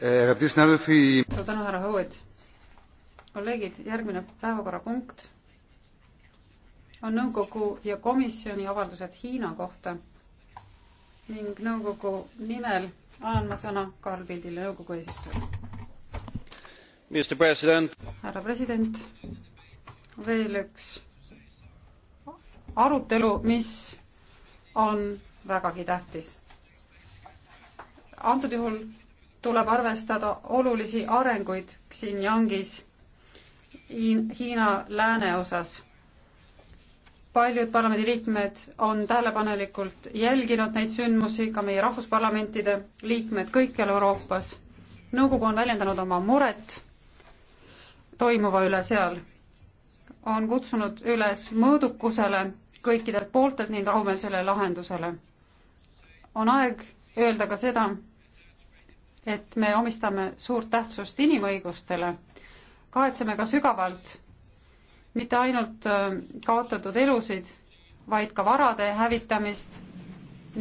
suur tänu, härra Howard. kolleegid, järgmine päevakorrapunkt on nõukogu ja komisjoni avaldused Hiina kohta ning nõukogu nimel annan ma sõna Karl Pildile, nõukogu eesistujale. härra president, veel üks arutelu, mis on vägagi tähtis. antud juhul tuleb arvestada olulisi arenguid Xinjiangis, Hiina lääneosas. paljud parlamendiliikmed on tähelepanelikult jälginud neid sündmusi, ka meie rahvusparlamentide liikmed kõikjal Euroopas. nõukogu on väljendanud oma muret toimuva üle seal, on kutsunud üles mõõdukusele kõikidelt pooltelt ning rahumeelsele lahendusele. on aeg öelda ka seda, et me omistame suurt tähtsust inimõigustele. kahetseme ka sügavalt mitte ainult äh, kaotatud elusid, vaid ka varade hävitamist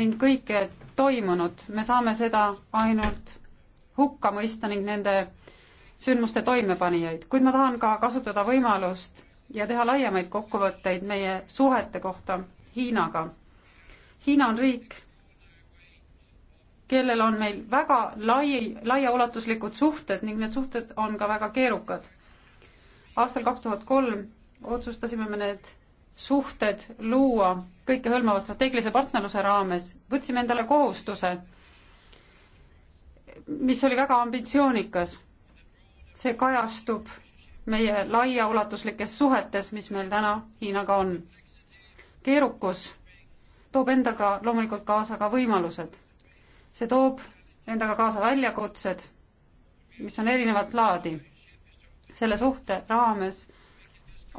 ning kõike toimunut. me saame seda ainult hukka mõista ning nende sündmuste toimepanijaid, kuid ma tahan ka kasutada võimalust ja teha laiemaid kokkuvõtteid meie suhete kohta Hiinaga. Hiina on riik, kellel on meil väga lai, laiaulatuslikud suhted ning need suhted on ka väga keerukad. aastal kaks tuhat kolm otsustasime me need suhted luua kõikehõlmava strateegilise partnerluse raames, võtsime endale kohustuse, mis oli väga ambitsioonikas. see kajastub meie laiaulatuslikes suhetes, mis meil täna Hiinaga on. keerukus toob endaga loomulikult kaasa ka võimalused see toob endaga kaasa väljakutsed, mis on erinevat laadi. selle suhte raames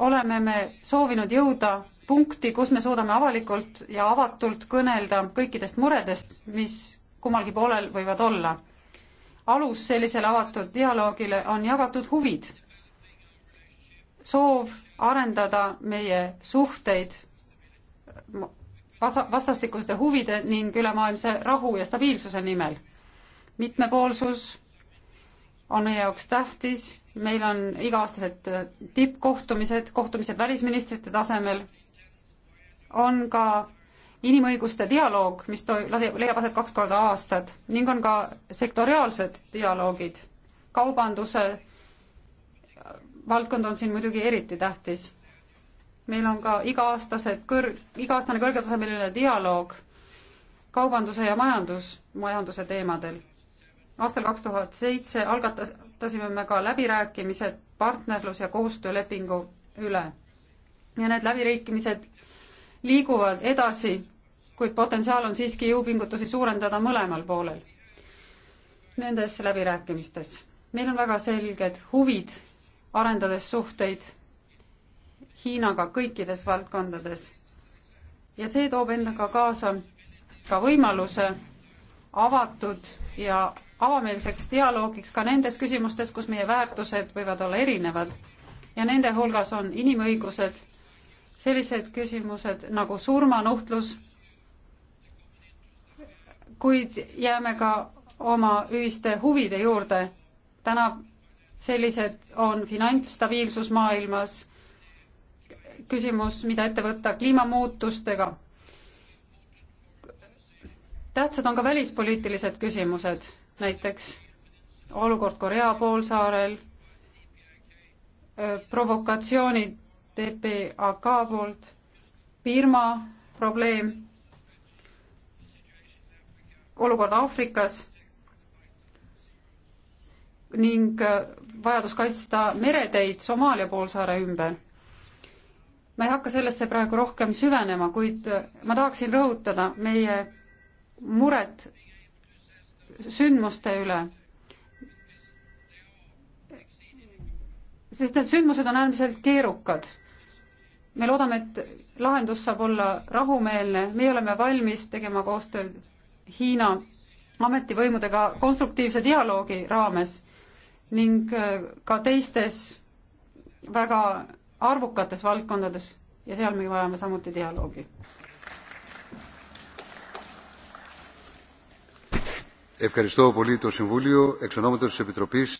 oleme me soovinud jõuda punkti, kus me suudame avalikult ja avatult kõnelda kõikidest muredest, mis kummalgi poolel võivad olla. alus sellisele avatud dialoogile on jagatud huvid, soov arendada meie suhteid vastastikuste huvide ning ülemaailmse rahu ja stabiilsuse nimel. mitmepoolsus on meie jaoks tähtis, meil on iga-aastased äh, tippkohtumised, kohtumised välisministrite tasemel, on ka inimõiguste dialoog, mis toi-, lase-, leiab aset kaks korda aastat ning on ka sektoriaalsed dialoogid. kaubanduse äh, valdkond on siin muidugi eriti tähtis meil on ka iga-aastased kõrg, iga-aastane kõrgetasemeline dialoog kaubanduse ja majandus, majanduse teemadel. aastal kaks tuhat seitse algatasime me ka läbirääkimised partnerlus- ja koostöölepingu üle. ja need läbirääkimised liiguvad edasi, kuid potentsiaal on siiski jõupingutusi suurendada mõlemal poolel nendes läbirääkimistes. meil on väga selged huvid, arendades suhteid Hiinaga kõikides valdkondades. ja see toob endaga kaasa ka võimaluse avatud ja avameelseks dialoogiks ka nendes küsimustes, kus meie väärtused võivad olla erinevad. ja nende hulgas on inimõigused, sellised küsimused nagu surmanuhtlus, kuid jääme ka oma ühiste huvide juurde. täna sellised on finantsstabiilsus maailmas küsimus, mida ette võtta kliimamuutustega. tähtsad on ka välispoliitilised küsimused, näiteks olukord Korea poolsaarel, provokatsioonid TPAK poolt, Birma probleem, olukord Aafrikas ning vajadus kaitsta mereteid Somaalia poolsaare ümber ma ei hakka sellesse praegu rohkem süvenema, kuid äh, ma tahaksin rõhutada meie muret sündmuste üle. sest need sündmused on äärmiselt keerukad. me loodame, et lahendus saab olla rahumeelne, meie oleme valmis tegema koostööd Hiina ametivõimudega konstruktiivse dialoogi raames ning äh, ka teistes väga arvukates valdkondades ja seal me vajame samuti dialoogi.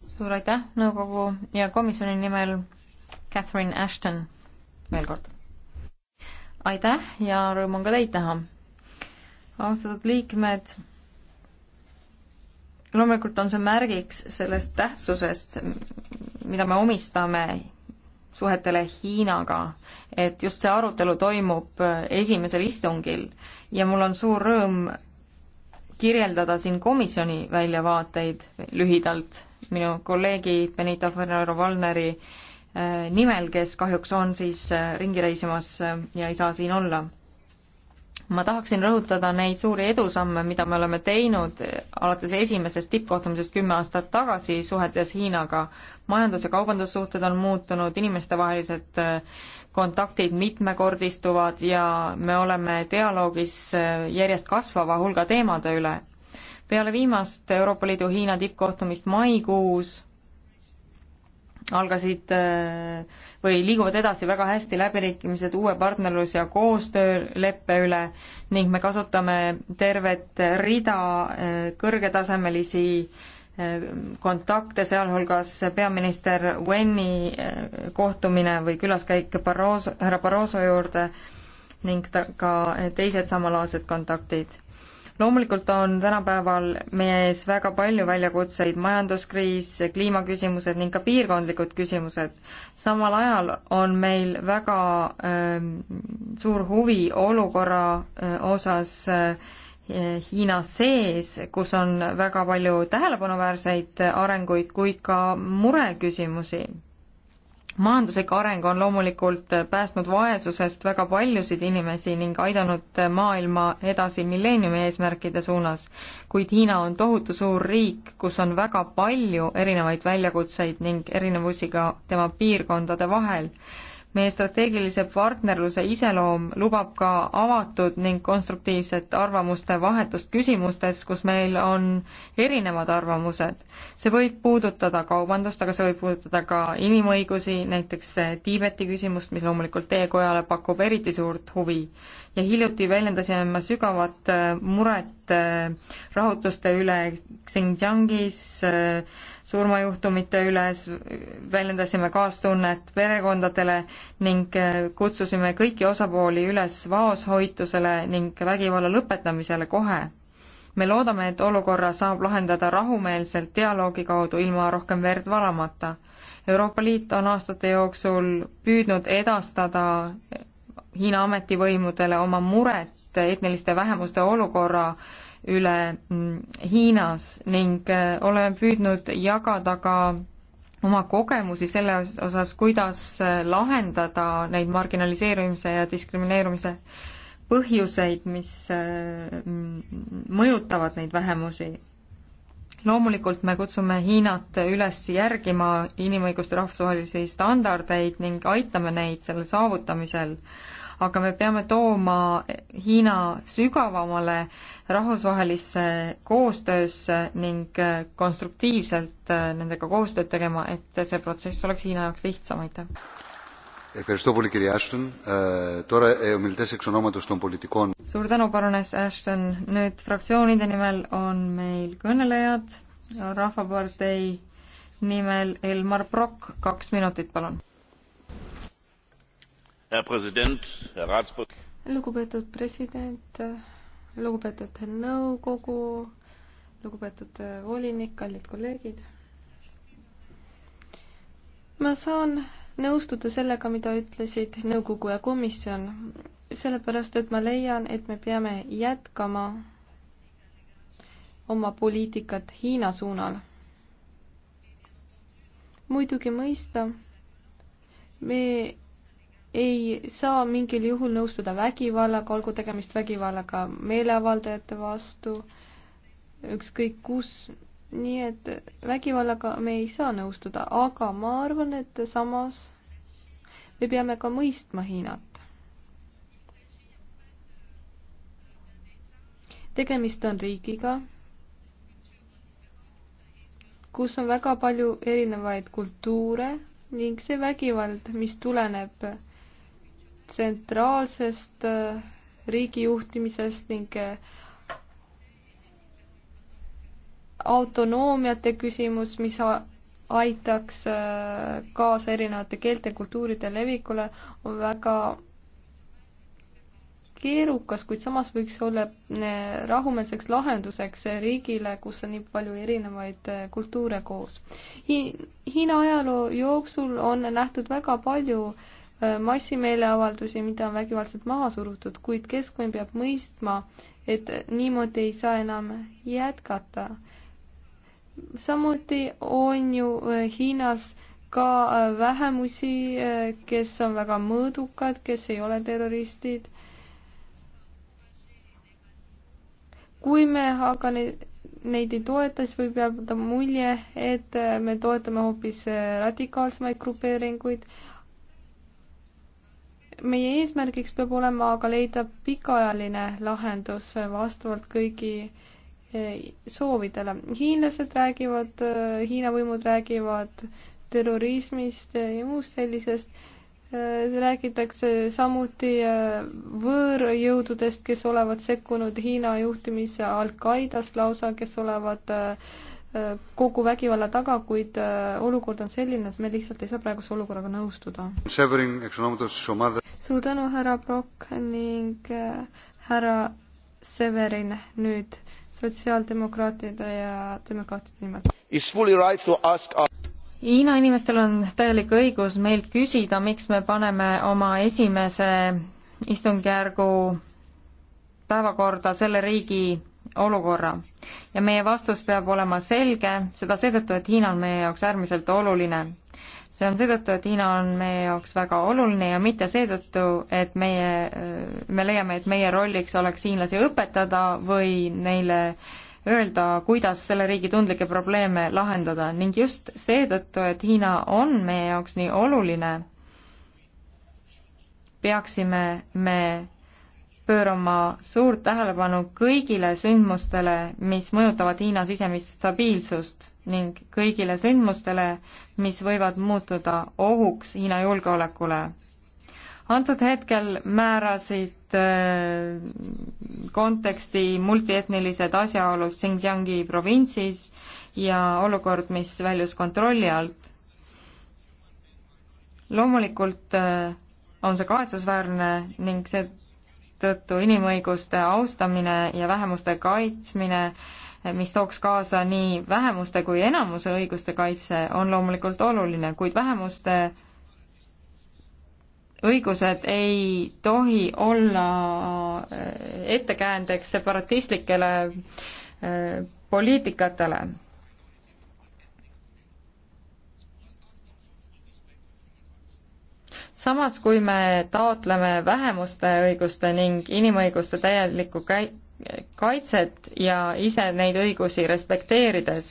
suur aitäh nõukogu ja komisjoni nimel Catherine Ashton veel kord. aitäh ja rõõm on ka teid näha. austatud liikmed, loomulikult on see märgiks sellest tähtsusest, mida me omistame suhetele Hiinaga, et just see arutelu toimub äh, esimesel istungil ja mul on suur rõõm kirjeldada siin komisjoni väljavaateid lühidalt minu kolleegi Benita Ferrero-Valneri äh, nimel, kes kahjuks on siis äh, ringi reisimas ja ei saa siin olla ma tahaksin rõhutada neid suuri edusamme, mida me oleme teinud alates esimesest tippkohtumisest kümme aastat tagasi suhetes Hiinaga. majandus- ja kaubandussuhted on muutunud, inimestevahelised äh, kontaktid mitmekordistuvad ja me oleme dialoogis äh, järjest kasvava hulga teemade üle. peale viimast Euroopa Liidu Hiina tippkohtumist maikuus algasid äh, või liiguvad edasi väga hästi läbirääkimised uue partnerlus- ja koostööleppe üle ning me kasutame tervet rida äh, kõrgetasemelisi äh, kontakte, sealhulgas peaminister Wenni kohtumine või külaskäik Barroso, härra Barroso juurde ning ta, ka teised samalaadsed kontaktid loomulikult on tänapäeval meie ees väga palju väljakutseid, majanduskriis, kliimaküsimused ning ka piirkondlikud küsimused. samal ajal on meil väga äh, suur huvi olukorra äh, osas äh, Hiina sees, kus on väga palju tähelepanuväärseid äh, arenguid, kuid ka mureküsimusi majanduslik areng on loomulikult päästnud vaesusest väga paljusid inimesi ning aidanud maailma edasi milleeniumi eesmärkide suunas, kuid Hiina on tohutu suur riik, kus on väga palju erinevaid väljakutseid ning erinevusi ka tema piirkondade vahel meie strateegilise partnerluse iseloom lubab ka avatud ning konstruktiivset arvamuste vahetust küsimustes, kus meil on erinevad arvamused. see võib puudutada kaubandust, aga see võib puudutada ka inimõigusi, näiteks Tiibeti küsimust, mis loomulikult teie kojale pakub eriti suurt huvi. ja hiljuti väljendasime ma sügavat eh, muret eh, rahutuste üle Xinjiangis, eh, surmajuhtumite üles, väljendasime kaastunnet perekondadele ning äh, kutsusime kõiki osapooli üles vaoshoitusele ning vägivalla lõpetamisele kohe. me loodame, et olukorra saab lahendada rahumeelselt dialoogi kaudu ilma rohkem verd valamata. Euroopa Liit on aastate jooksul püüdnud edastada Hiina ametivõimudele oma muret etniliste vähemuste olukorra äh, üle mm, Hiinas ning äh, oleme püüdnud jagada ka oma kogemusi selle osas, kuidas äh, lahendada neid marginaliseerumise ja diskrimineerumise põhjuseid, mis äh, mm, mõjutavad neid vähemusi. loomulikult me kutsume Hiinat üles järgima inimõiguste rahvusvahelisi standardeid ning aitame neid selle saavutamisel aga me peame tooma Hiina sügavamale rahvusvahelisse koostöösse ning äh, konstruktiivselt äh, nendega koostööd tegema, et see protsess oleks Hiina jaoks lihtsam, aitäh. Ευχαριστώ πολύ κυρία Άστον. Ε, τώρα ε, ομιλητές εξ ονόματος των πολιτικών. Suur tänu, Baroness Ashton. Nüüd fraktsioonide nimel on meil kõnelejad. Rahvapartei nimel Elmar Brock, kaks minutit, palun lugupeetud president, lugupeetud nõukogu, lugupeetud volinik, kallid kolleegid. ma saan nõustuda sellega, mida ütlesid nõukogu ja komisjon, sellepärast et ma leian, et me peame jätkama oma poliitikat Hiina suunal. muidugi mõista, me ei saa mingil juhul nõustuda vägivallaga, olgu tegemist vägivallaga meeleavaldajate vastu, ükskõik kus, nii et vägivallaga me ei saa nõustuda, aga ma arvan, et samas me peame ka mõistma Hiinat. tegemist on riigiga, kus on väga palju erinevaid kultuure ning see vägivald, mis tuleneb tsentraalsest äh, riigijuhtimisest ning äh, autonoomiate küsimus, mis aitaks äh, kaasa erinevate keelte ja kultuuride levikule, on väga keerukas, kuid samas võiks olla rahumeelseks lahenduseks riigile, kus on nii palju erinevaid kultuure koos Hi. Hiina ajaloo jooksul on nähtud väga palju äh, Äh, massimeeleavaldusi, mida on vägivaldselt maha surutud, kuid keskvõim peab mõistma, et niimoodi ei saa enam jätkata. samuti on ju äh, Hiinas ka äh, vähemusi, kes on väga mõõdukad, kes ei ole terroristid. kui me aga neid, neid ei toeta, siis võib jääda mulje, et me toetame hoopis radikaalsemaid grupeeringuid meie eesmärgiks peab olema aga leida pikaajaline lahendus vastavalt kõigi eh, soovidele. hiinlased räägivad, eh, Hiina võimud räägivad terrorismist ja muust sellisest, eh, räägitakse samuti võõrjõududest, kes olevat sekkunud Hiina juhtimisse, Al-Qaedast lausa, kes olevat äh, kogu vägivalla taga, kuid äh, olukord on selline, et me lihtsalt ei saa praeguse olukorraga nõustuda. suur tänu, härra Brock ning äh, härra Severin nüüd sotsiaaldemokraatide ja demokraatide nimel. Hiina inimestel on täielik õigus meilt küsida, miks me paneme oma esimese istungjärgu päevakorda selle riigi olukorra ja meie vastus peab olema selge, seda seetõttu, et Hiina on meie jaoks äärmiselt oluline. see on seetõttu, et Hiina on meie jaoks väga oluline ja mitte seetõttu, et meie, me leiame, et meie rolliks oleks hiinlasi õpetada või neile öelda, kuidas selle riigi tundlikke probleeme lahendada ning just seetõttu, et Hiina on meie jaoks nii oluline, peaksime me pöörama suurt tähelepanu kõigile sündmustele, mis mõjutavad Hiina sisemist stabiilsust ning kõigile sündmustele, mis võivad muutuda ohuks Hiina julgeolekule. antud hetkel määrasid äh, konteksti multietnilised asjaolud Xinjiangi provintsis ja olukord, mis väljus kontrolli alt. loomulikult äh, on see kahetsusväärne ning see seetõttu inimõiguste austamine ja vähemuste kaitsmine, mis tooks kaasa nii vähemuste kui enamuse õiguste kaitse, on loomulikult oluline, kuid vähemuste õigused ei tohi olla äh, ettekäändeks separatistlikele äh, poliitikatele samas, kui me taotleme vähemuste õiguste ning inimõiguste täielikku kaitset ja ise neid õigusi respekteerides,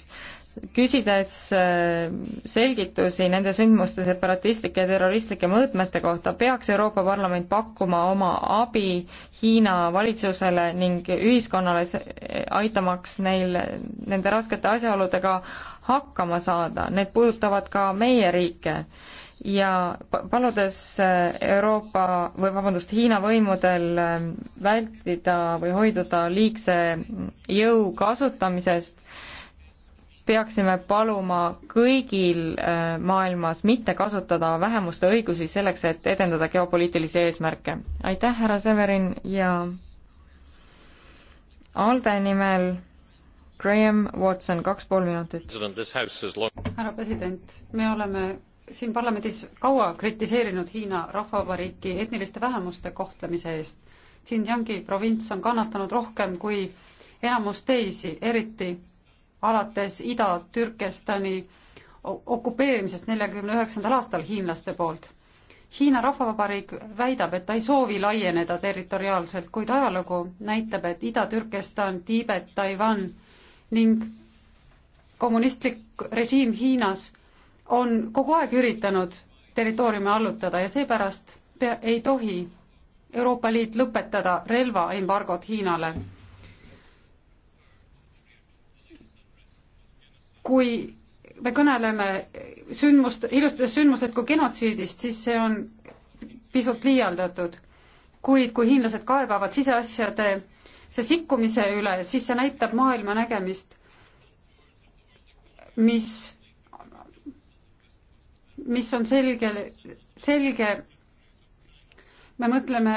küsides äh, selgitusi nende sündmuste separatistlike ja terroristlike mõõtmete kohta, peaks Euroopa Parlament pakkuma oma abi Hiina valitsusele ning ühiskonnale, aitamaks neil nende raskete asjaoludega hakkama saada, need puudutavad ka meie riike ja paludes äh, Euroopa või vabandust, Hiina võimudel äh, vältida või hoiduda liigse jõu kasutamisest, peaksime paluma kõigil äh, maailmas mitte kasutada vähemuste õigusi selleks, et edendada geopoliitilisi eesmärke. aitäh, härra Severin ja ALDE nimel Graham Watson, kaks pool minutit. härra president, me oleme siin parlamendis kaua kritiseerinud Hiina Rahvavabariiki etniliste vähemuste kohtlemise eest. Xinjiangi provints on kannatanud rohkem kui enamus teisi, eriti alates Ida-Türkestani okupeerimisest neljakümne üheksandal aastal hiinlaste poolt. Hiina Rahvavabariik väidab, et ta ei soovi laieneda territoriaalselt, kuid ajalugu näitab, et Ida-Türkestan, Tiibet, Taiwan ning kommunistlik režiim Hiinas on kogu aeg üritanud territooriumi allutada ja seepärast ei tohi Euroopa Liit lõpetada relvaembargot Hiinale. kui me kõneleme sündmust, hiljutistest sündmustest kui genotsiidist, siis see on pisut liialdatud. kuid kui hiinlased kaebavad siseasjade see sikkumise üle, siis see näitab maailma nägemist, mis, mis on selge, selge. me mõtleme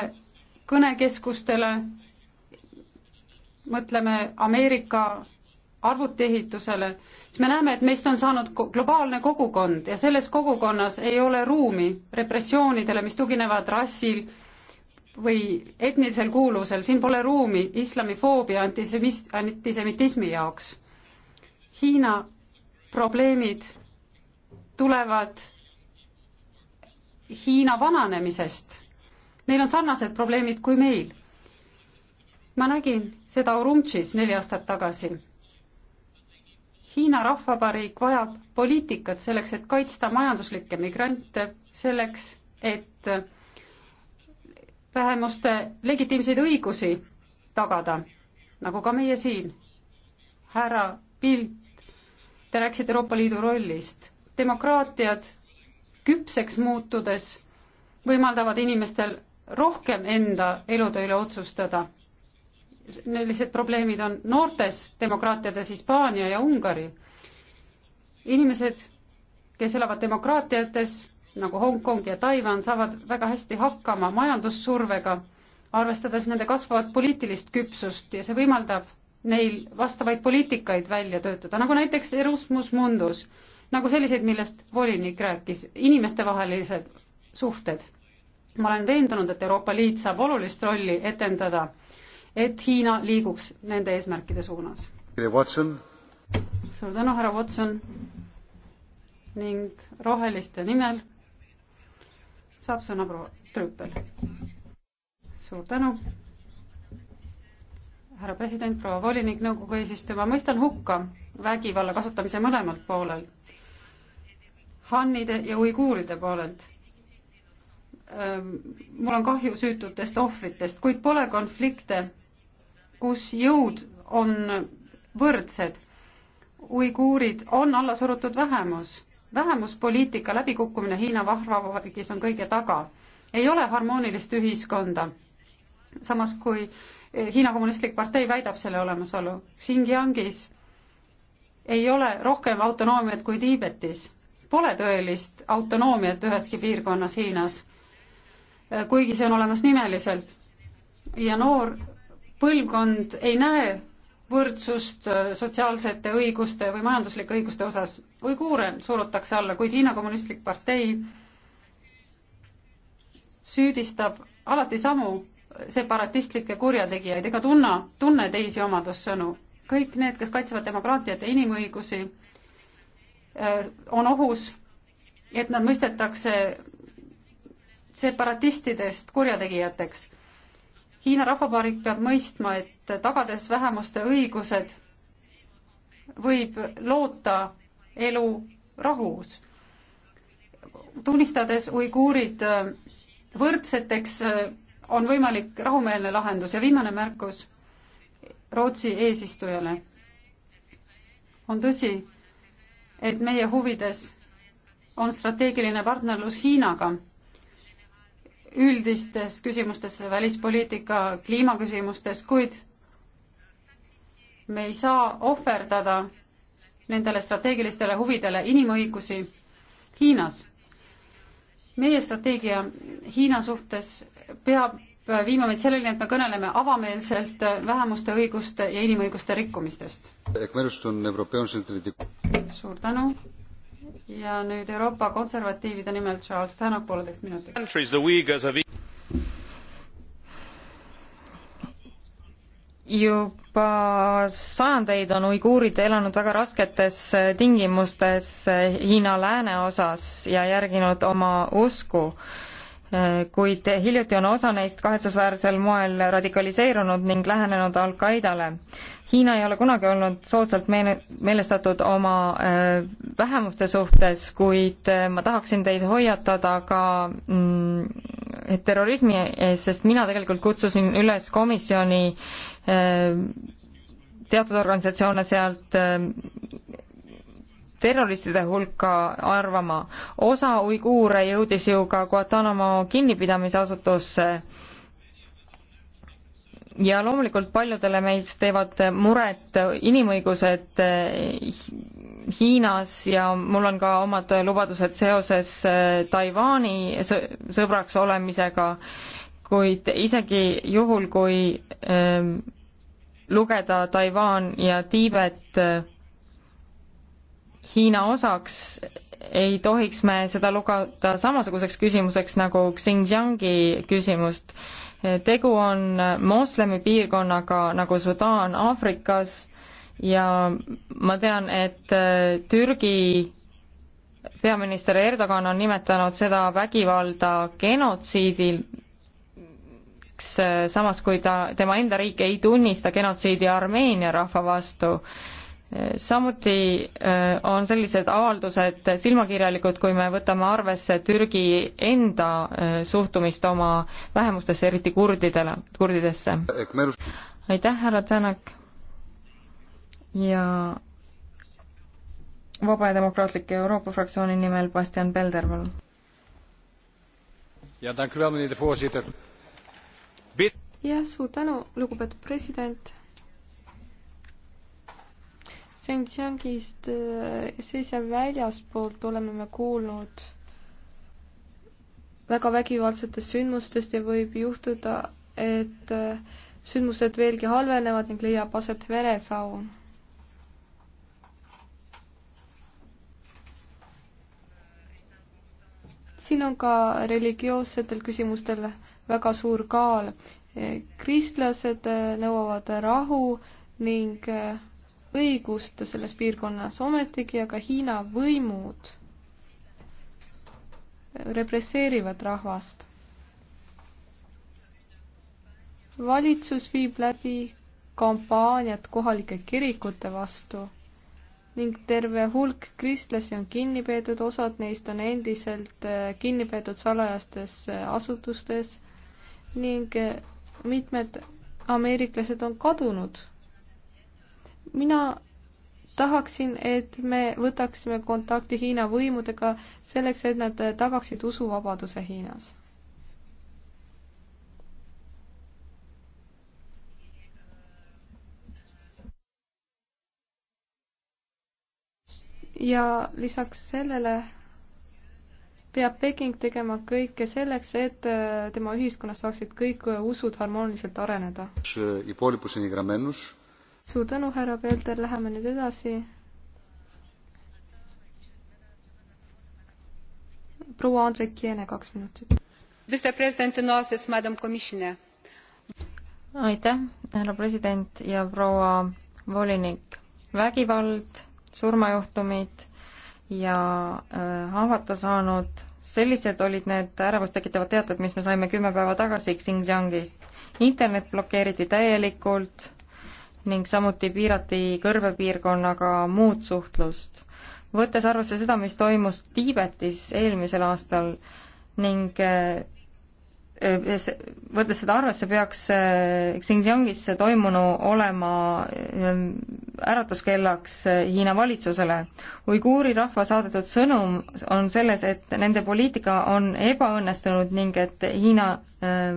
kõnekeskustele, mõtleme Ameerika arvutiehitusele, siis me näeme, et meist on saanud globaalne kogukond ja selles kogukonnas ei ole ruumi repressioonidele, mis tuginevad rassil, või etnilisel kuuluvusel, siin pole ruumi islamifoobia antisemist, antisemitismi jaoks. Hiina probleemid tulevad Hiina vananemisest. Neil on sarnased probleemid kui meil. ma nägin seda Urumtšis neli aastat tagasi. Hiina Rahvavabariik vajab poliitikat selleks, et kaitsta majanduslikke migrante, selleks, et vähemuste legitiimseid õigusi tagada, nagu ka meie siin. härra Pilt, te rääkisite Euroopa Liidu rollist. demokraatiad küpseks muutudes võimaldavad inimestel rohkem enda elude üle otsustada. sellised probleemid on noortes demokraatiades Hispaania ja Ungari. inimesed, kes elavad demokraatiates, nagu Hongkong ja Taiwan saavad väga hästi hakkama majandussurvega, arvestades nende kasvavat poliitilist küpsust ja see võimaldab neil vastavaid poliitikaid välja töötada, nagu näiteks Erasmus Mundus, nagu selliseid, millest volinik rääkis, inimestevahelised suhted. ma olen veendunud, et Euroopa Liit saab olulist rolli etendada, et Hiina liiguks nende eesmärkide suunas. suur tänu, härra Watson ning roheliste nimel saab sõna proua Trüppel. suur tänu. härra president, proua volinik, nõukogu eesistuja, ma mõistan hukka vägivalla kasutamise mõlemalt poolelt hannide ja uiguuride poolelt. mul on kahju süütutest ohvritest, kuid pole konflikte, kus jõud on võrdsed. uiguurid on allasurutud vähemus vähemuspoliitika läbikukkumine Hiina Vabariigis on kõige taga. ei ole harmoonilist ühiskonda. samas kui eh, Hiina Kommunistlik Partei väidab selle olemasolu. Xinjiangis ei ole rohkem autonoomiat kui Tiibetis. Pole tõelist autonoomiat üheski piirkonnas Hiinas, eh, kuigi see on olemas nimeliselt. ja noor põlvkond ei näe võrdsust äh, sotsiaalsete õiguste või majanduslike õiguste osas. uiguure surutakse alla, kuid Hiina Kommunistlik Partei süüdistab alati samu separatistlikke kurjategijaid ega tunna, tunne teisi omadussõnu. kõik need, kes kaitsevad demokraatiat ja inimõigusi, äh, on ohus, et nad mõistetakse separatistidest kurjategijateks Hiina Rahvavabariik peab mõistma, et tagades vähemuste õigused, võib loota elu rahus. tunnistades uiguurid äh, võrdseteks, äh, on võimalik rahumeelne lahendus ja viimane märkus Rootsi eesistujale. on tõsi, et meie huvides on strateegiline partnerlus Hiinaga üldistes küsimustes, välispoliitika, kliimaküsimustes, kuid me ei saa ohverdada nendele strateegilistele huvidele inimõigusi Hiinas. meie strateegia Hiina suhtes peab viima meid selleni, et me kõneleme avameelselt vähemuste õiguste ja inimõiguste rikkumistest. suur tänu ja nüüd Euroopa konservatiivide nimel Charles Tänak pooleteist minutiks. juba sajandeid on uiguurid elanud väga rasketes eh, tingimustes eh, Hiina lääneosas ja järginud oma usku kuid hiljuti on osa neist kahetsusväärsel moel radikaliseerunud ning lähenenud Al-Qaedale. Hiina ei ole kunagi olnud soodsalt meene-, meelestatud oma äh, vähemuste suhtes, kuid äh, ma tahaksin teid hoiatada ka mm, terrorismi ees, sest mina tegelikult kutsusin üles komisjoni äh, teatud organisatsioone sealt terroristide hulka arvama. osa uiguure jõudis ju ka Guantanamo kinnipidamisasutusse ja loomulikult paljudele meist teevad muret inimõigused eh, Hiinas ja mul on ka omad lubadused seoses eh, Taiwan'i sõbraks olemisega, kuid isegi juhul, kui eh, lugeda Taiwan ja Tiibet Hiina osaks, ei tohiks me seda lugeda samasuguseks küsimuseks nagu Xinjiangi küsimust. tegu on moslemi piirkonnaga nagu Sudaan Aafrikas ja ma tean, et äh, Türgi peaminister Erdogan on nimetanud seda vägivalda genotsiidiks, äh, samas kui ta, tema enda riik ei tunnista genotsiidi Armeenia rahva vastu samuti äh, on sellised avaldused silmakirjalikud, kui me võtame arvesse Türgi enda äh, suhtumist oma vähemustesse, eriti kurdidele, kurdidesse. aitäh, härra Tänak ja Vaba ja Demokraatliku Euroopa fraktsiooni nimel Bastian Belder, palun. jah, suur tänu, lugupeetud president Xinjiangist äh, siis ja väljaspoolt oleme me kuulnud väga vägivaldsetest sündmustest ja võib juhtuda, et äh, sündmused veelgi halvenevad ning leiab aset veresaun siin on ka religioossetel küsimustel väga suur kaal. kristlased äh, nõuavad rahu ning õigust selles piirkonnas, ometigi aga Hiina võimud represseerivad rahvast. valitsus viib läbi kampaaniat kohalike kirikute vastu ning terve hulk kristlasi on kinni peetud, osad neist on endiselt äh, kinni peetud salajastes äh, asutustes ning äh, mitmed ameeriklased on kadunud mina tahaksin, et me võtaksime kontakti Hiina võimudega selleks, et nad tagaksid usuvabaduse Hiinas. ja lisaks sellele peab Peking tegema kõike selleks, et tema ühiskonnas saaksid kõik usud harmooniliselt areneda suur tänu, härra Pelder, läheme nüüd edasi. proua Andrek Jeene, kaks minutit. aitäh, härra president ja proua volinik. vägivald, surmajuhtumid ja äh, haavata saanud, sellised olid need ärevust tekitavad teated, mis me saime kümme päeva tagasi Xinjiangist. internet blokeeriti täielikult ning samuti piirati kõrbepiirkonnaga muud suhtlust. võttes arvesse seda, mis toimus Tiibetis eelmisel aastal ning eh, võttes seda arvesse, peaks eh, Xinjiangis toimunu olema ehm, äratuskellaks eh, Hiina valitsusele. uiguuri rahva saadetud sõnum on selles, et nende poliitika on ebaõnnestunud ning et Hiina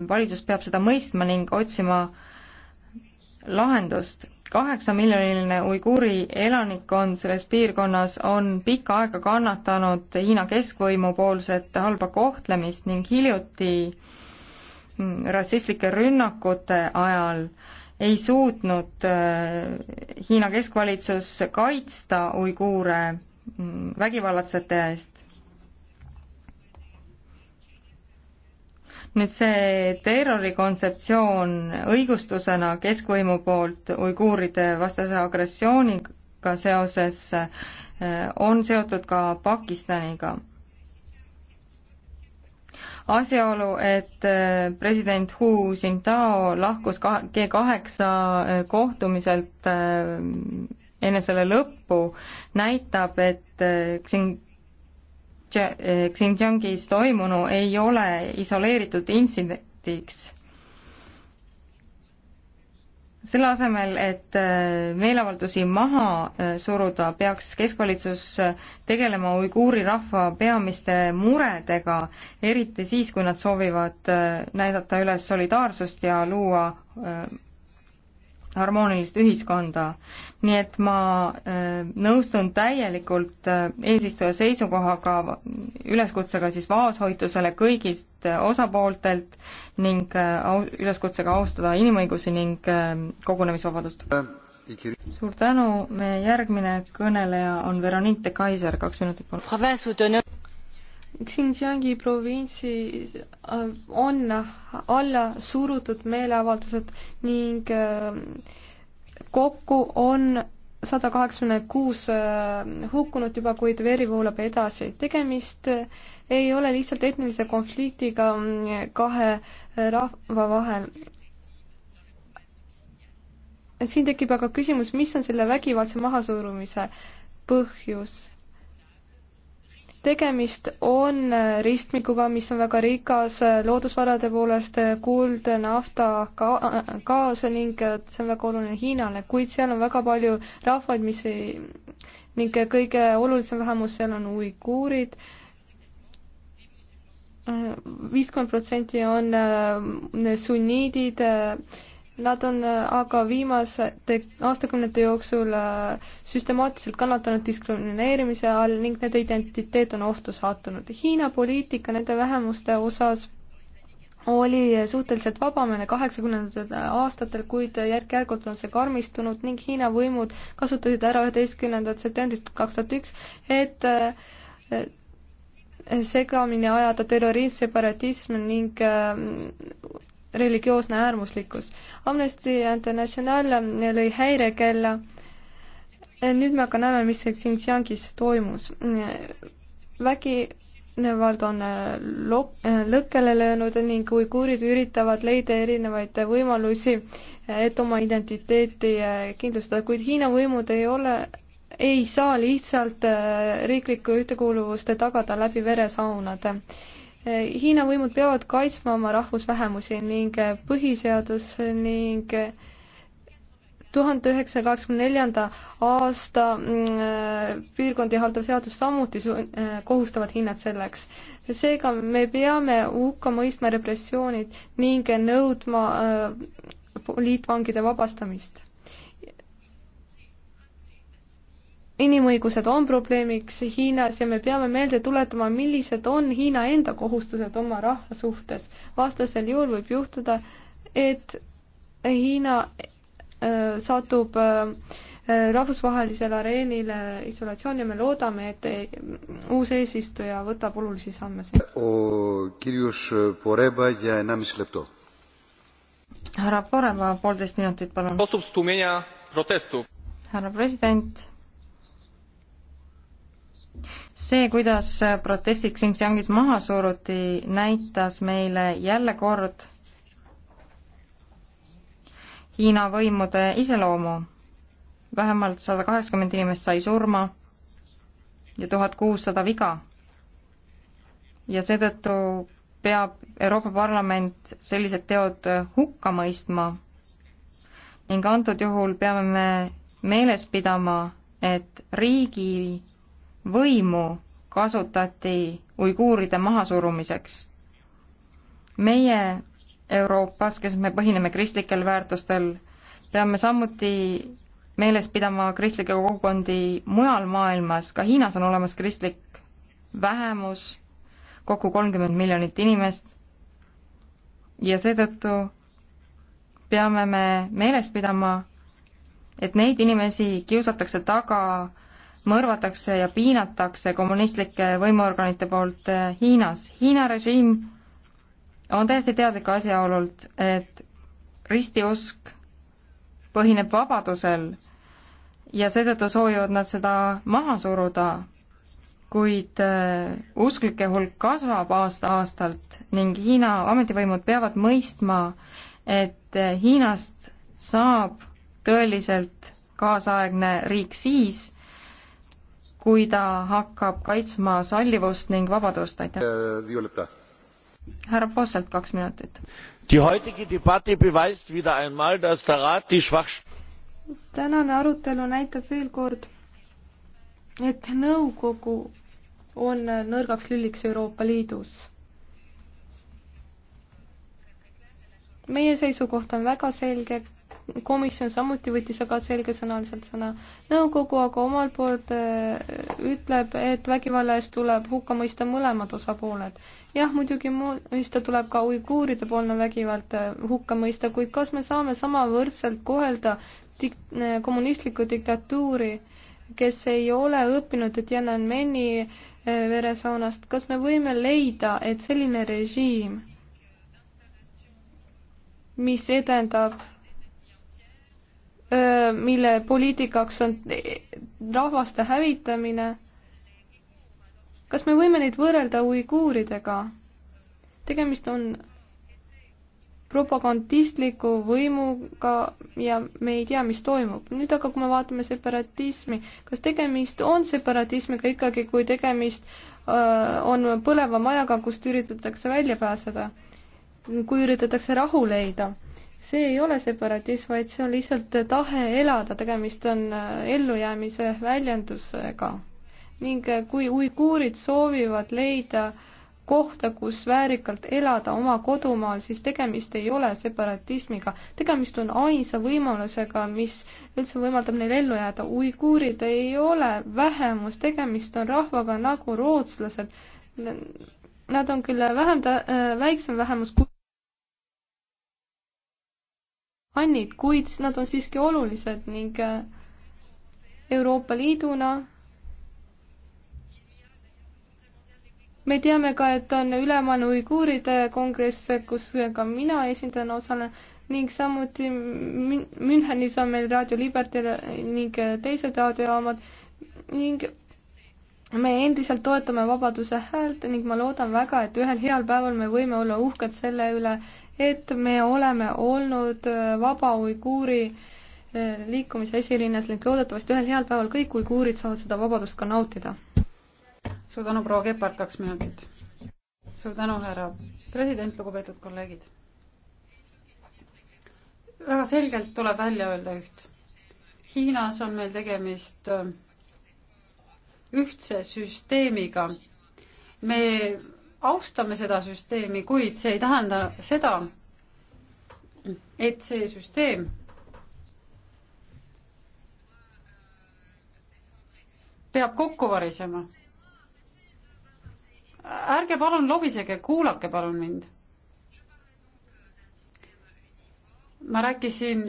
valitsus peab seda mõistma ning otsima äh, lahendust. kaheksamiljoniline uiguuri elanikkond selles piirkonnas on pikka aega kannatanud Hiina keskvõimu poolset halba kohtlemist ning hiljuti mm, rassistlike rünnakute ajal ei suutnud äh, Hiina keskvalitsus kaitsta uiguure mm, vägivallatsete eest nüüd see terrorikontseptsioon õigustusena keskvõimu poolt uiguuride vastase agressiooniga seoses äh, on seotud ka Pakistaniga. asjaolu, et äh, president Hu Jintao lahkus G kaheksa äh, kohtumiselt enne selle lõppu, näitab, et siin Eh, Xinjiangis toimunu ei ole isoleeritud intsidentiks. selle asemel, et eh, meeleavaldusi maha eh, suruda, peaks keskvalitsus tegelema uiguuri rahva peamiste muredega, eriti siis, kui nad soovivad näidata üles solidaarsust ja luua harmoonilist ühiskonda. nii et ma äh, nõustun täielikult äh, eesistuja seisukohaga, üleskutsega siis vaoshoitusele kõigilt äh, osapooltelt ning üleskutsega austada inimõigusi ning kogunemisvabadust. suur tänu, meie järgmine kõneleja on Veronique de Kaiser, kaks minutit palun Xinjiangi provintsis äh, on alla surutud meeleavaldused ning äh, kokku on sada kaheksakümmend kuus äh, hukkunut juba, kuid veri voolab edasi. tegemist ei ole lihtsalt etnilise konfliktiga mm, kahe rahva vahel. siin tekib aga küsimus, mis on selle vägivaldse mahasurumise põhjus tegemist on ristmikuga, mis on väga rikas loodusvarade poolest, kuld, nafta, ka-, gaas ning see on väga oluline Hiinale, kuid seal on väga palju rahvaid, mis ei, ning kõige olulisem vähemus seal on uiguurid, viiskümmend protsenti on sunniidid, Nad on äh, aga viimaste aastakümnete jooksul äh, süstemaatiliselt kannatanud diskrimineerimise all ning nende identiteet on ohtu sattunud. Hiina poliitika nende vähemuste osas oli suhteliselt vabameelne kaheksakümnendatel aastatel, kuid järk-järgult on see karmistunud ning Hiina võimud kasutasid ära üheteistkümnendat septembrist kaks tuhat üks, et äh, segamini ajada terrorism, separatism ning religioosne äärmuslikkus. Amnesty International lõi häirekella. nüüd me aga näeme, mis Xinjiangis toimus. vägivald on äh, lok-, äh, lõkkele löönud ning uiguurid üritavad leida erinevaid võimalusi, et oma identiteeti äh, kindlustada, kuid Hiina võimud ei ole ei saa lihtsalt riiklikku ühtekuuluvust tagada läbi veresaunade. Hiina võimud peavad kaitsma oma rahvusvähemusi ning põhiseadus ning tuhande üheksasaja kaheksakümne neljanda aasta mm, piirkondi haldav seadus samuti kohustavad Hiinat selleks. seega me peame hukka mõistma repressioonid ning nõudma mm, poliitvangide vabastamist inimõigused on probleemiks Hiinas ja me peame meelde tuletama, millised on Hiina enda kohustused oma rahva suhtes. vastasel juhul võib juhtuda, et Hiina äh, satub äh, rahvusvahelisele areenile isolatsiooni ja me loodame, et äh, uus eesistuja võtab olulisi samme. härra Poreba, poolteist minutit, palun. härra president see, kuidas protestid Xinjiangis maha suruti, näitas meile jälle kord Hiina võimude iseloomu. vähemalt sada kaheksakümmend inimest sai surma ja tuhat kuussada viga. ja seetõttu peab Euroopa Parlament sellised teod hukka mõistma ning antud juhul peame me meeles pidama, et riigi võimu kasutati uiguuride mahasurumiseks. meie Euroopas, kes me põhineme kristlikel väärtustel, peame samuti meeles pidama kristlikke kogukondi mujal maailmas, ka Hiinas on olemas kristlik vähemus, kokku kolmkümmend miljonit inimest ja seetõttu peame me meeles pidama, et neid inimesi kiusatakse taga mõrvatakse ja piinatakse kommunistlike võimuorganite poolt eh, Hiinas. Hiina režiim on täiesti teadlik asjaolult, et ristiusk põhineb vabadusel ja seetõttu soovivad nad seda maha suruda, kuid eh, usklike hulk kasvab aasta-aastalt ning Hiina ametivõimud peavad mõistma, et eh, Hiinast saab tõeliselt kaasaegne riik siis, kui ta hakkab kaitsma sallivust ning vabadust, aitäh. härra Posselt, kaks minutit. tänane arutelu näitab veel kord, et nõukogu on nõrgaks lüliks Euroopa Liidus. meie seisukoht on väga selge komisjon samuti võttis aga selgesõnaliselt sõna. nõukogu aga omalt poolt äh, ütleb, et vägivalla eest tuleb hukka mõista mõlemad osapooled. jah, muidugi mõista tuleb ka uiguuride poolne vägivald äh, hukka mõista, kuid kas me saame samavõrdselt kohelda dik-, äh, kommunistlikku diktatuuri, kes ei ole õppinud Tiananmeni veresaunast, kas me võime leida, et selline režiim mis edendab mille poliitikaks on rahvaste hävitamine. kas me võime neid võrrelda uiguuridega? tegemist on propagandistliku võimuga ja me ei tea, mis toimub. nüüd aga, kui me vaatame separatismi, kas tegemist on separatismiga ikkagi, kui tegemist öö, on põleva majaga, kust üritatakse välja pääseda, kui üritatakse rahu leida see ei ole separatism, vaid see on lihtsalt tahe elada, tegemist on äh, ellujäämise väljendusega. ning äh, kui uiguurid soovivad leida kohta, kus väärikalt elada oma kodumaal, siis tegemist ei ole separatismiga. tegemist on ainsa võimalusega, mis üldse võimaldab neil ellu jääda. uiguurid ei ole vähemus, tegemist on rahvaga nagu rootslased. Nad on küll vähem, äh, väiksem vähemus kui annid, kuid nad on siiski olulised ning äh, Euroopa Liiduna me teame ka, et on ülemaailmne uiguuride kongress, kus ka mina esindajana osalen ning samuti Münchenis on meil Raadio Liberty ning teised raadiojaamad ning me endiselt toetame Vabaduse häält ning ma loodan väga, et ühel heal päeval me võime olla uhked selle üle, et me oleme olnud äh, vaba uiguuri äh, liikumise esirinnas ning loodetavasti ühel heal päeval kõik uiguurid saavad seda vabadust ka nautida. suur tänu, proua Kepart, kaks minutit. suur tänu, härra president, lugupeetud kolleegid. väga selgelt tuleb välja öelda üht. Hiinas on meil tegemist äh, ühtse süsteemiga. me austame seda süsteemi, kuid see ei tähenda seda, et see süsteem peab kokku varisema. ärge palun lobisege, kuulake palun mind. ma rääkisin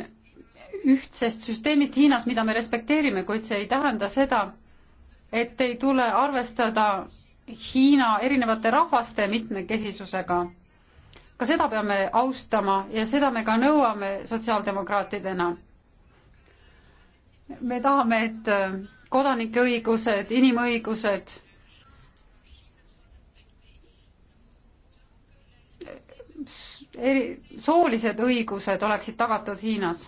ühtsest süsteemist Hiinas, mida me respekteerime, kuid see ei tähenda seda, et ei tule arvestada Hiina erinevate rahvaste mitmekesisusega. ka seda peame austama ja seda me ka nõuame sotsiaaldemokraatidena. me tahame, et äh, kodanike õigused, inimõigused äh, eri, soolised õigused oleksid tagatud Hiinas.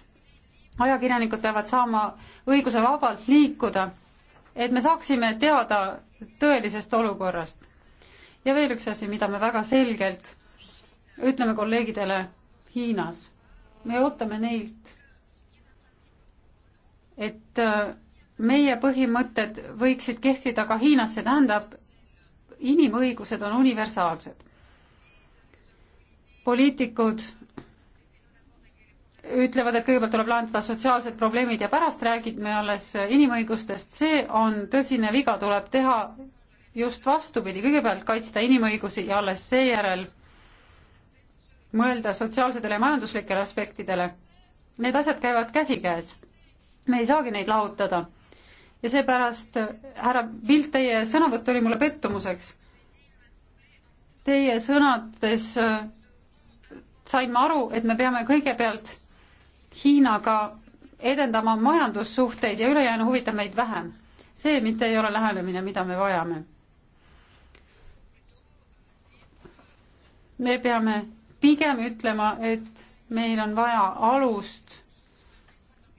ajakirjanikud peavad saama õiguse vabalt liikuda, et me saaksime teada tõelisest olukorrast. ja veel üks asi, mida me väga selgelt ütleme kolleegidele Hiinas. me ootame neilt, et äh, meie põhimõtted võiksid kehtida ka Hiinas, see tähendab, inimõigused on universaalsed. poliitikud ütlevad, et kõigepealt tuleb lahendada sotsiaalsed probleemid ja pärast räägime alles inimõigustest, see on tõsine viga, tuleb teha just vastupidi, kõigepealt kaitsta inimõigusi ja alles seejärel mõelda sotsiaalsetele ja majanduslikele aspektidele. Need asjad käivad käsikäes. me ei saagi neid lahutada. ja seepärast, härra Pilt, teie sõnavõtt oli mulle pettumuseks. Teie sõnades äh, sain ma aru, et me peame kõigepealt Hiinaga edendama majandussuhteid ja ülejäänu huvitab meid vähem. see mitte ei ole lähenemine, mida me vajame. me peame pigem ütlema, et meil on vaja alust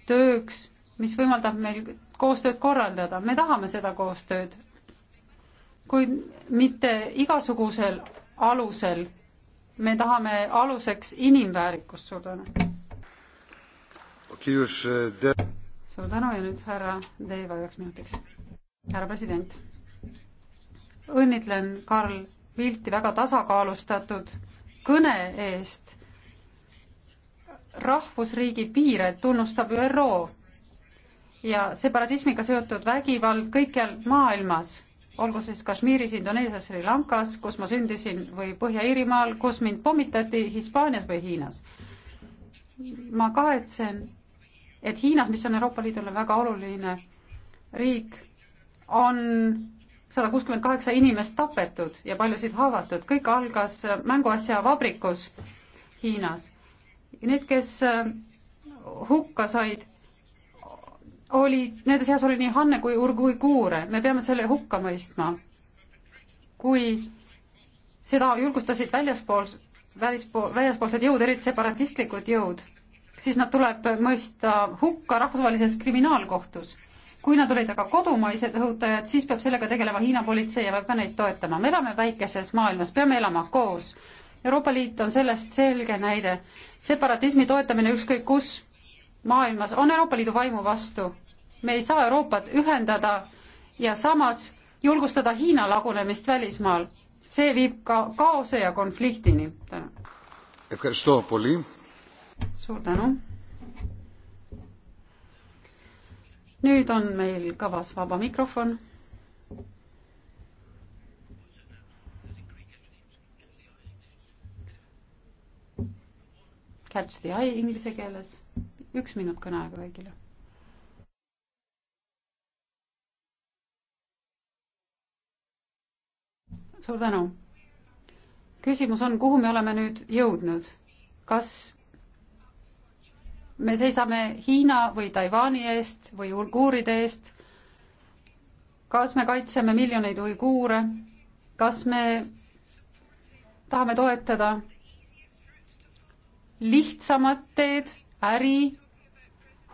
tööks, mis võimaldab meil koostööd korraldada, me tahame seda koostööd, kuid mitte igasugusel alusel. me tahame aluseks inimväärikust, suur tänu. Eh, suur tänu ja nüüd härra Deva üheks minutiks. härra president, õnnitlen Karl Vilti väga tasakaalustatud kõne eest. rahvusriigi piire tunnustab ÜRO ja separatismiga seotud vägivald kõikjal maailmas, olgu siis Kashmiris, Indoneesias, Sri Lankas, kus ma sündisin, või Põhja-Iirimaal, kus mind pommitati Hispaanias või Hiinas. ma kahetsen et Hiinas, mis on Euroopa Liidule väga oluline riik, on sada kuuskümmend kaheksa inimest tapetud ja paljusid haavatud, kõik algas mänguasja vabrikus Hiinas. Need, kes äh, hukka said, olid, nende seas oli nii Hanne kui Urguikuure, me peame selle hukka mõistma. kui seda julgustasid väljaspool, välispool, väljaspoolsed jõud, eriti separatistlikud jõud siis nad tuleb mõista hukka rahvusvahelises kriminaalkohtus. kui nad olid aga kodumaised õhutajad, siis peab sellega tegelema Hiina politsei ja peab ka neid toetama. me elame väikeses maailmas, peame elama koos. Euroopa Liit on sellest selge näide. separatismi toetamine ükskõik kus maailmas on Euroopa Liidu vaimu vastu. me ei saa Euroopat ühendada ja samas julgustada Hiina lagunemist välismaal. see viib ka kaose ja konfliktini. tänan suur tänu. nüüd on meil kavas vaba mikrofon. Catch the eye inglise keeles, üks minut kõneaega kõigile suur tänu. küsimus on, kuhu me oleme nüüd jõudnud? kas me seisame Hiina või Taiwan'i eest või uiguuride eest, kas me kaitseme miljoneid uiguure, kas me tahame toetada lihtsamat teed, äri,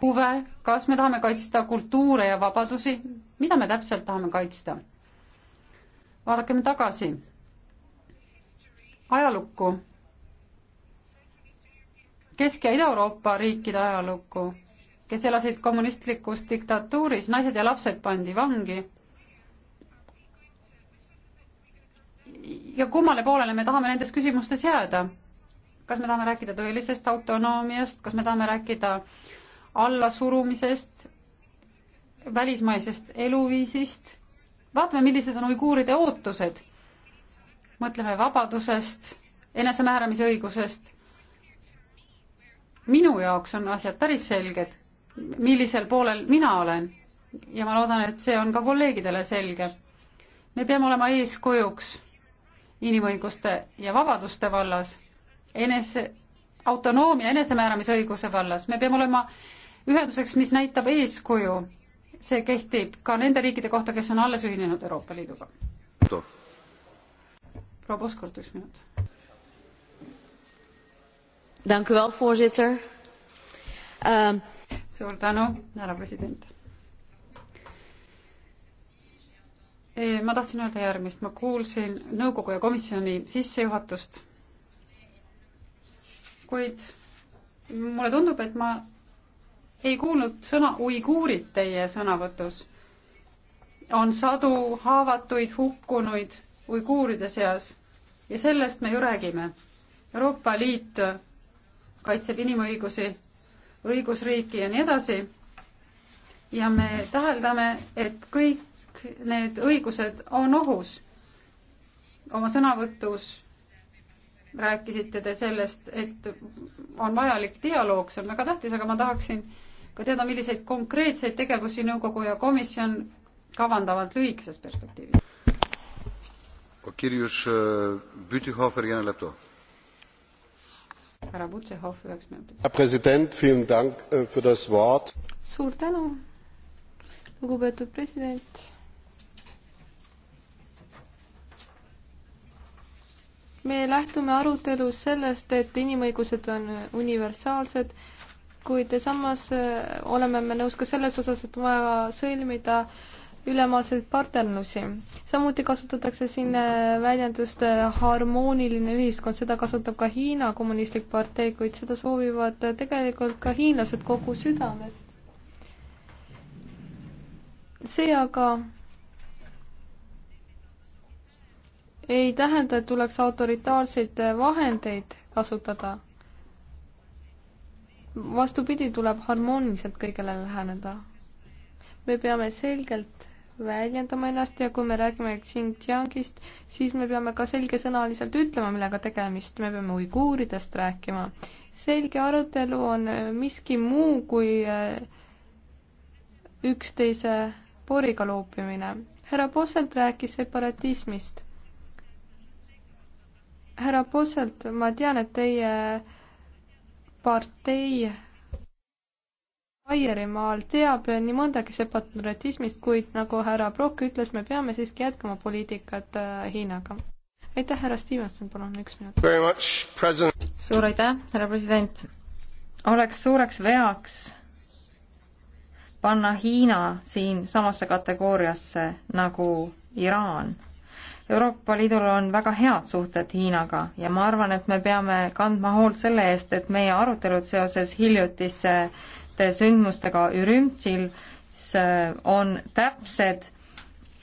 huve, kas me tahame kaitsta kultuure ja vabadusi, mida me täpselt tahame kaitsta? vaadakem tagasi ajalukku Kesk- ja Ida-Euroopa riikide ajalukku, kes elasid kommunistlikus diktatuuris, naised ja lapsed pandi vangi. ja kummale poolele me tahame nendes küsimustes jääda? kas me tahame rääkida tõelisest autonoomiast, kas me tahame rääkida allasurumisest, välismaisest eluviisist? vaatame, millised on uiguuride ootused. mõtleme vabadusest, enesemääramisõigusest minu jaoks on asjad päris selged, millisel poolel mina olen ja ma loodan, et see on ka kolleegidele selge. me peame olema eeskujuks inimõiguste ja vabaduste vallas, enese, autonoomia, enesemääramisõiguse vallas, me peame olema ühenduseks, mis näitab eeskuju. see kehtib ka nende riikide kohta, kes on alles ühinenud Euroopa Liiduga. proua Puskurt, üks minut Dank u wel, voorzitter. Um... Suur tänu, härra president. Eh, ma tahtsin öelda järgmist, ma kuulsin nõukogu ja komisjoni sissejuhatust, kuid mulle tundub, et ma ei kuulnud sõna uiguurid teie sõnavõtus. on sadu haavatuid, hukkunuid uiguuride seas ja sellest me ju räägime. Euroopa Liit kaitseb inimõigusi, õigusriiki ja nii edasi. ja me täheldame, et kõik need õigused on ohus. oma sõnavõtus rääkisite te sellest, et on vajalik dialoog, see on väga tähtis, aga ma tahaksin ka teada, milliseid konkreetseid tegevusi nõukogu ja komisjon kavandavad lühikeses perspektiivis. Kirjus e, Bütikofer, Jänne Lepto härra Butšehov üheks minutiks. president, äh, suur tänu, lugupeetud president. me lähtume arutelus sellest, et inimõigused on universaalsed, kuid samas äh, oleme me nõus ka selles osas, et on vaja sõlmida äh, ülemaailmseid partnerlusi. samuti kasutatakse siin äh, väljendust äh, harmooniline ühiskond, seda kasutab ka Hiina kommunistlik partei, kuid seda soovivad äh, tegelikult ka hiinlased kogu südamest. see aga ei tähenda, et tuleks autoritaarseid vahendeid kasutada. vastupidi, tuleb harmooniliselt kõigele läheneda. me peame selgelt väljendama ennast ja kui me räägime Xinjiangist, siis me peame ka selgesõnaliselt ütlema, millega tegemist, me peame uiguuridest rääkima. selge arutelu on äh, miski muu kui äh, üksteise poriga loopimine. härra Posselt rääkis separatismist. härra Posselt, ma tean, et teie partei Baierimaal teab nii mõndagi separatismist, kuid nagu härra Brock ütles, me peame siiski jätkama poliitikat äh, Hiinaga. aitäh, härra Stevenson, palun üks minut. suur aitäh, härra president. oleks suureks veaks panna Hiina siin samasse kategooriasse nagu Iraan. Euroopa Liidul on väga head suhted Hiinaga ja ma arvan, et me peame kandma hoolt selle eest, et meie arutelud seoses hiljutise äh, sündmustega Ürümtsil on täpsed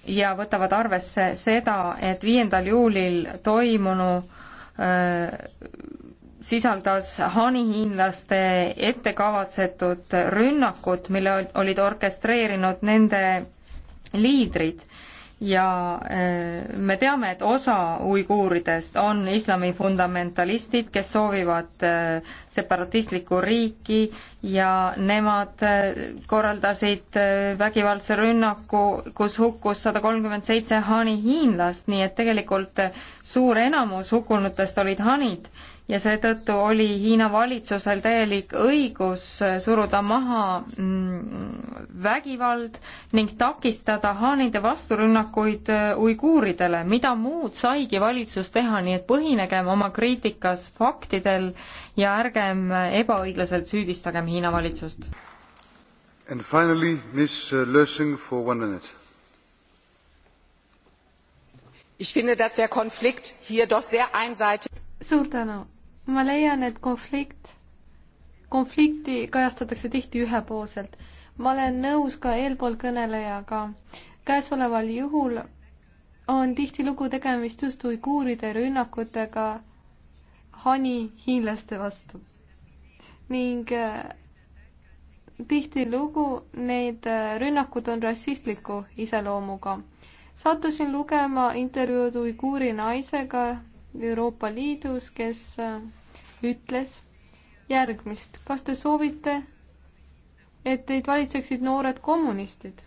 ja võtavad arvesse seda, et viiendal juulil toimunu sisaldas hanihiinlaste ettekavatsetud rünnakut, mille olid orkestreerinud nende liidrid ja äh, me teame, et osa uiguuridest on islami fundamentalistid, kes soovivad äh, separatistlikku riiki ja nemad äh, korraldasid vägivaldse rünnaku, kus hukkus sada kolmkümmend seitse hani hiinlast, nii et tegelikult suur enamus hukkunutest olid hanid ja seetõttu oli Hiina valitsusel täielik õigus suruda maha mm, vägivald ning takistada haanide vasturünnakuid äh, uiguuridele, mida muud saigi valitsus teha, nii et põhinegem oma kriitikas faktidel ja ärgem ebaõiglaselt süüdistagem Hiina valitsust. And finally, Ms Lösing for one minute ich finde dass der konflikt hier doch sehr einseitig ma leian, et konflikt, konflikti kajastatakse tihti ühepoolselt. ma olen nõus ka eelpool kõnelejaga. käesoleval juhul on tihtilugu tegemist just uiguuride rünnakutega hani hiinlaste vastu. ning äh, tihtilugu need äh, rünnakud on rassistliku iseloomuga. sattusin lugema intervjuud uiguuri naisega Euroopa Liidus, kes äh, ütles järgmist. kas te soovite, et teid valitseksid noored kommunistid?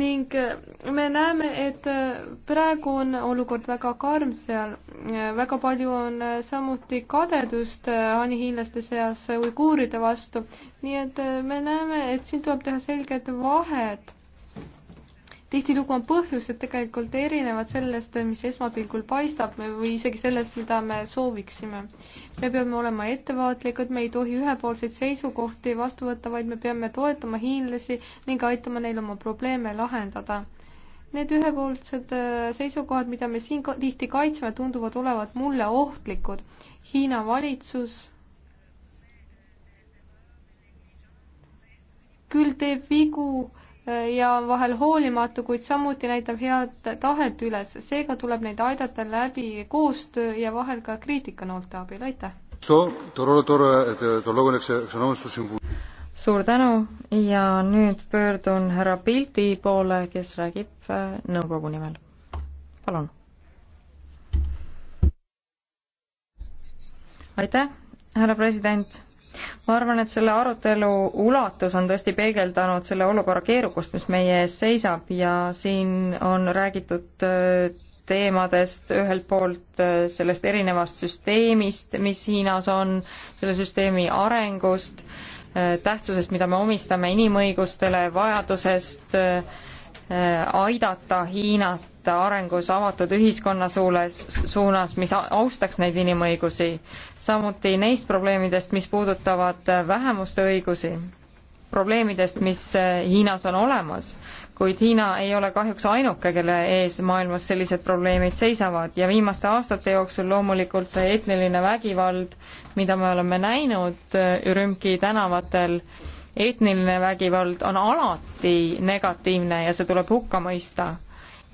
ning äh, me näeme, et äh, praegu on olukord väga karm seal, äh, väga palju on samuti kadedust anihiinlaste seas uiguuride vastu, nii et me näeme, et siin tuleb teha selget vahet tihtilugu on põhjused tegelikult erinevad sellest, mis esmapilgul paistab või isegi sellest, mida me sooviksime. me peame olema ettevaatlikud, me ei tohi ühepoolseid seisukohti vastu võtta, vaid me peame toetama hiinlasi ning aitama neil oma probleeme lahendada. Need ühepoolsed äh, seisukohad, mida me siin tihti kaitseme, tunduvad olevat mulle ohtlikud. Hiina valitsus küll teeb vigu ja on vahel hoolimatu, kuid samuti näitab head tahet üles. seega tuleb neid aidata läbi koostöö ja vahel ka kriitikanoolte abil, aitäh! suur tänu ja nüüd pöördun härra Pildi poole, kes räägib äh, nõukogu nimel. palun! aitäh, härra president! ma arvan, et selle arutelu ulatus on tõesti peegeldanud selle olukorra keerukust, mis meie ees seisab ja siin on räägitud äh, teemadest, ühelt poolt äh, sellest erinevast süsteemist, mis Hiinas on, selle süsteemi arengust, äh, tähtsusest, mida me omistame inimõigustele, vajadusest aidata Hiinat liikuda arengus avatud ühiskonna suules, suunas, mis austaks neid inimõigusi, samuti neist probleemidest, mis puudutavad vähemuste õigusi, probleemidest, mis Hiinas on olemas, kuid Hiina ei ole kahjuks ainuke, kelle ees maailmas sellised probleemid seisavad ja viimaste aastate jooksul loomulikult see etniline vägivald, mida me oleme näinud äh, Ürümqi tänavatel, etniline vägivald on alati negatiivne ja see tuleb hukka mõista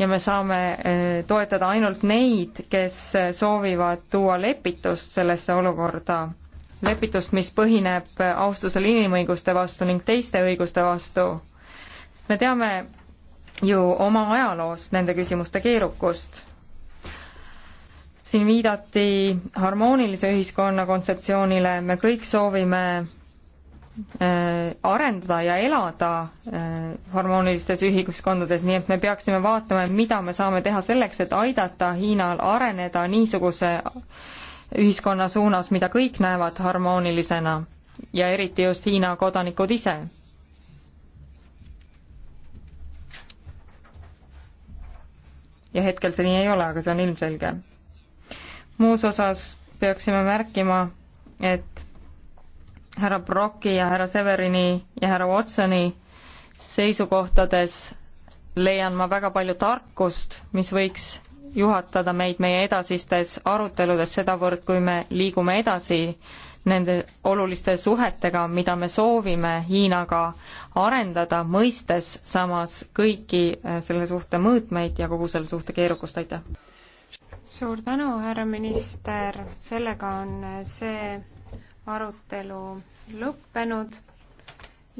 ja me saame äh, toetada ainult neid, kes äh, soovivad tuua lepitust sellesse olukorda. lepitust, mis põhineb äh, austusel inimõiguste vastu ning teiste õiguste vastu. me teame ju oma ajaloost nende küsimuste keerukust siin viidati harmoonilise ühiskonna kontseptsioonile, me kõik soovime Äh, arendada ja elada harmoonilistes äh, ühiskondades, nii et me peaksime vaatama, mida me saame teha selleks, et aidata Hiinal areneda niisuguse ühiskonna suunas, mida kõik näevad harmoonilisena ja eriti just Hiina kodanikud ise. ja hetkel see nii ei ole, aga see on ilmselge. muus osas peaksime märkima, et härra Brocki ja härra Severini ja härra Watsoni seisukohtades leian ma väga palju tarkust, mis võiks juhatada meid meie edasistes aruteludes sedavõrd, kui me liigume edasi nende oluliste suhetega, mida me soovime Hiinaga arendada, mõistes samas kõiki äh, selle suhte mõõtmeid ja kogu selle suhte keerukust, aitäh! suur tänu, härra minister, sellega on see arutelu lõppenud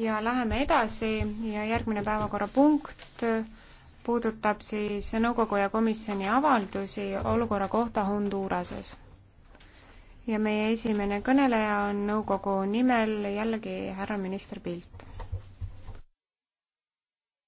ja läheme edasi ja järgmine päevakorrapunkt puudutab siis nõukogu ja komisjoni avaldusi olukorra kohta Honduras'es. ja meie esimene kõneleja on nõukogu nimel jällegi härra minister Pilt